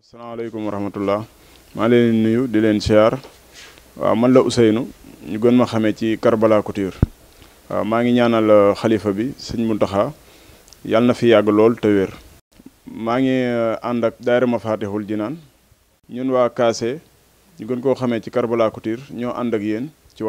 Assalamualaikum warahmatullah. ma maa leen nuyu di leen ziar wa man la usaynu ñu gën ma xamé ci Karbala Couture wa ma ngi ñaanal khalifa euh, bi seigne muntaha yàlla na fi yag lool te wér ma ngi and euh, ak daayira Mafatihul jinan ñun wa kasse ñu gën ko xamé ci Karbala Couture ño and ak yeen ci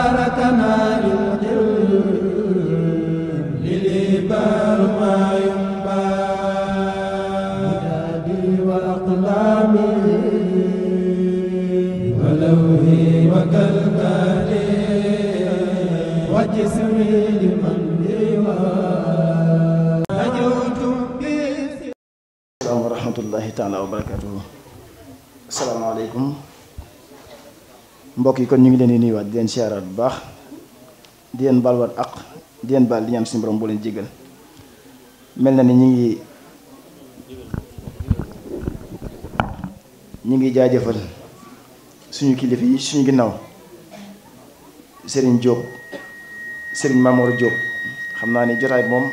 ما ينبى كتابي yi kon ñu ngi leen di nuyuwaat di leen siyaaraat bu baax di leen ak di leen baal di ñaan suñu borom bu leen mel na ni ñu ngi ñi ngi jaajëfal suñu kilifa yi suñu ginnaaw Serigne Diop Serigne Mamour Diop xam naa ni jotaay moom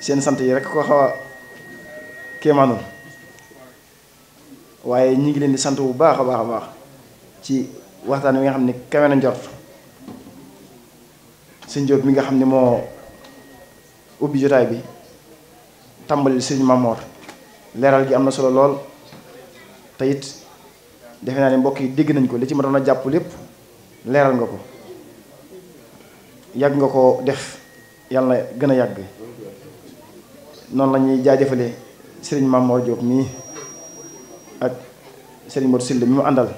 seen sant yi rek ko xaw a kéemaanul waaye ñu ngi leen di sant bu baax a baax a baax ci waxtaan wi nga xam ne kawe na njort Serigne Diop nga xam ni moo ubbi jotaay bi tàmbali sëriñ Mamor leeral gi am na solo lool te defe naa ne mbokk yi dégg nañ ko li ci ma doon a jàpp lépp leeral nga ko yàgg nga ko def yàlla gën a yàgg noonu la ñuy jaajëfale sëriñ Mamor Diop mii ak sëriñ Modou Sylla mi mu àndal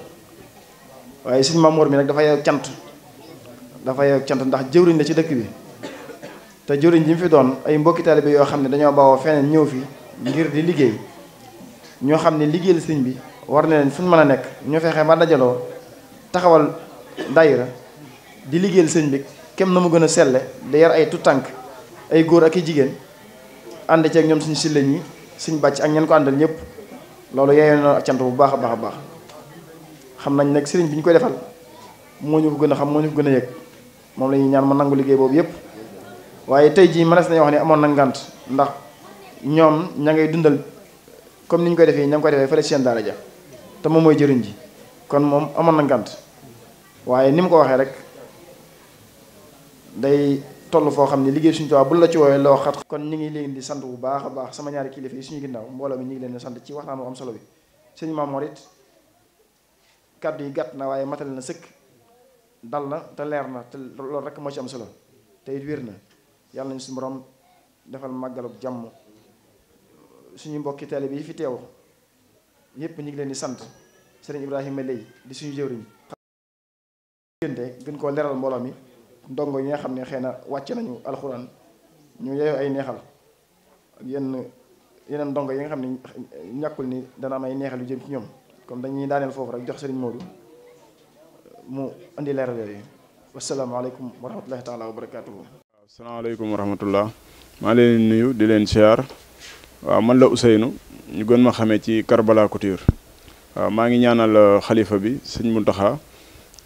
waaye sëriñ Mamor mi nag dafa yow cant dafa yow cant ndax jëwriñ la ci dëkk bi te jëriñ ji mu fi doon ay mbokki taalibe yoo xam ne dañoo bawoo feneen ñëw fi ngir di liggéey ñoo xam ne liggéeyal sëñ bi war na leen fu ñu mën a nekk ba dajaloo taxawal daayira di bi kem na mu gën a selle di yar ay tutank ay góor ak i jigéen ànd ceeg ñoom suñu sille yi suñ bàcc ak ñeen ko àndal ñëpp loolu yeyoon na ak cant bu baax a baax a baax xam nañ nag sëriñ bi koy defal moo ko gën xam moo ko gën a yëg moom ñaan ma nangu liggéey boobu yëpp waaye tey ji manas na wax ni amon na ngant ndax ñom ña ngay dundal comme niñ koy defé ñang koy defé fa la seen dara ja te mom moy jëriñ ji kon mom amon na ngant waye ni ko waxee rek day tollu fo xamni ne liggéey suñu tawa bu la ci woowee lo xat kon ñi ngi leen di sant bu baaxa baax sama ñaari kilifa yi suñu ginnaw mbolo mi ñi ngi leen di sant ci waxtaan bu am solo bi sëñ Mamoor it yi gat na waye matal na sekk dal na te leer na te lool rek mo ci am solo te it yàlla nañu suñu moroom defal màggalub jàmm suñu mbokki taalibe bi yi fi teew yépp ñu ngi leen di sant sëriñ ma Lay di suñu jëwriñ génte gën koo leral mbooloo mi ndongo yi nga xam ne xëy na wàcce nañu alxuraan ñu yeyoo ay neexal ak yenn yeneen ndongo yi nga xam ne ñàkkul ni dana am ay neexal yu jëm ci ñoom kon dañuy daaneel foofu rek jox sëriñ Modou mu indi leeral yooyu wasalaamaaleykum wa rahmatullahi taala wa waaw salaamaaleykum wa rahmatullah maa leen di nuyu di leen siyaar waaw man la Ousseynou ñu gën ma xamee ci Karbala Couture waaw maa ngi ñaanal euh, xalifa bi sëñ Muntaxa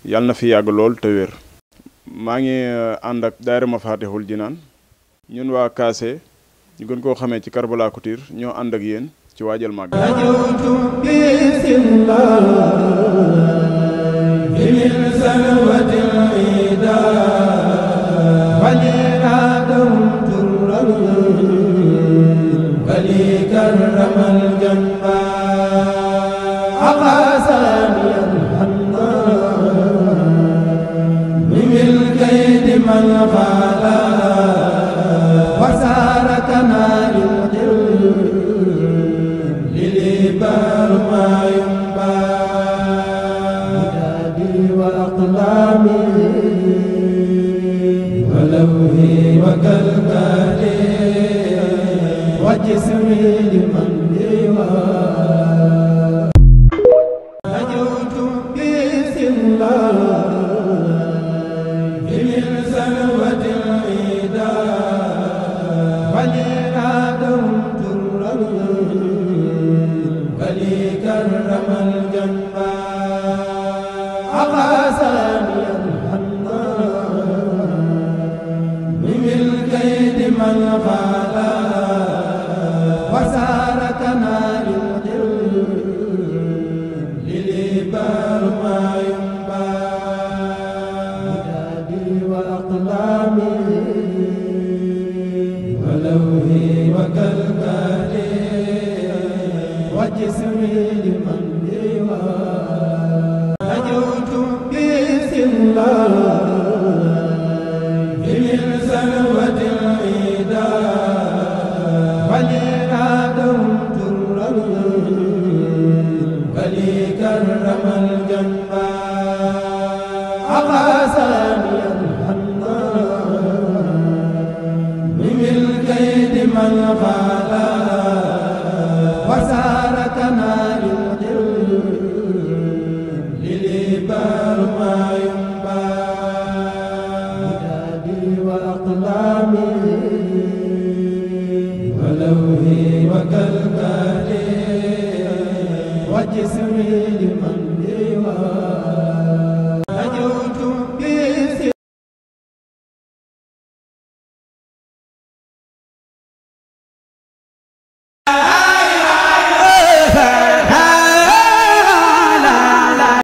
yàlla na fi yàgg lool te wér maa ngi euh, ànd ak daayira Mafatihul Jinaan ñun waa Kaase ñu gën koo xamee ci Karbala Couture ñoo ànd ak yéen ci waajal màgg ذم الجنة أبا سامي الحنان بملكيد من غالى وسارتنا للجل للإبار ما ينبى كتابي وأقلامي ولوهي وكالتالي جسمي لمن ديوان أجرت بسم الله من سلوة العيدا ولي آدم ترمي ولي كرم الجنة Amen. كرم الجنب أبا سامي الحنان بملكيد من غاب really my